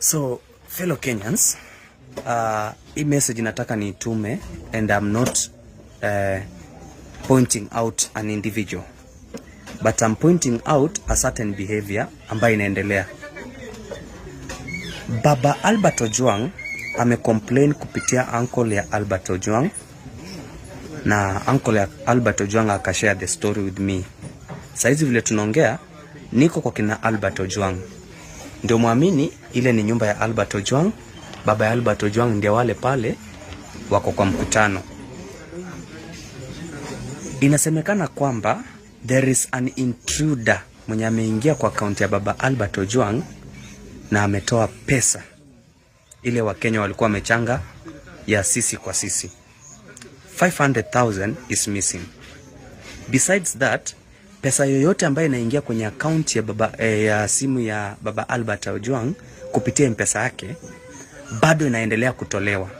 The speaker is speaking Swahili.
So fellow Kenyans, uh, hii message nataka niitume and I'm not uh, pointing out an individual but I'm pointing out a certain behavior ambayo inaendelea. Baba Albert Ojwang amecomplain kupitia uncle ya Albert Ojwang na uncle ya Albert Ojwang akashare the story with me. Saizi vile tunaongea niko kwa kina Albert Ojwang ndio mwamini ile ni nyumba ya Albert Ojwang. Baba ya Albert Ojwang ndio wale pale wako kwa mkutano. Inasemekana kwamba there is an intruder mwenye ameingia kwa kaunti ya baba Albert Ojwang na ametoa pesa ile Wakenya walikuwa wamechanga ya sisi kwa sisi. 500,000 is missing. Besides that, pesa yoyote ambayo inaingia kwenye akaunti ya, baba, eh, ya simu ya baba Albert Ojwang kupitia mpesa yake bado inaendelea kutolewa.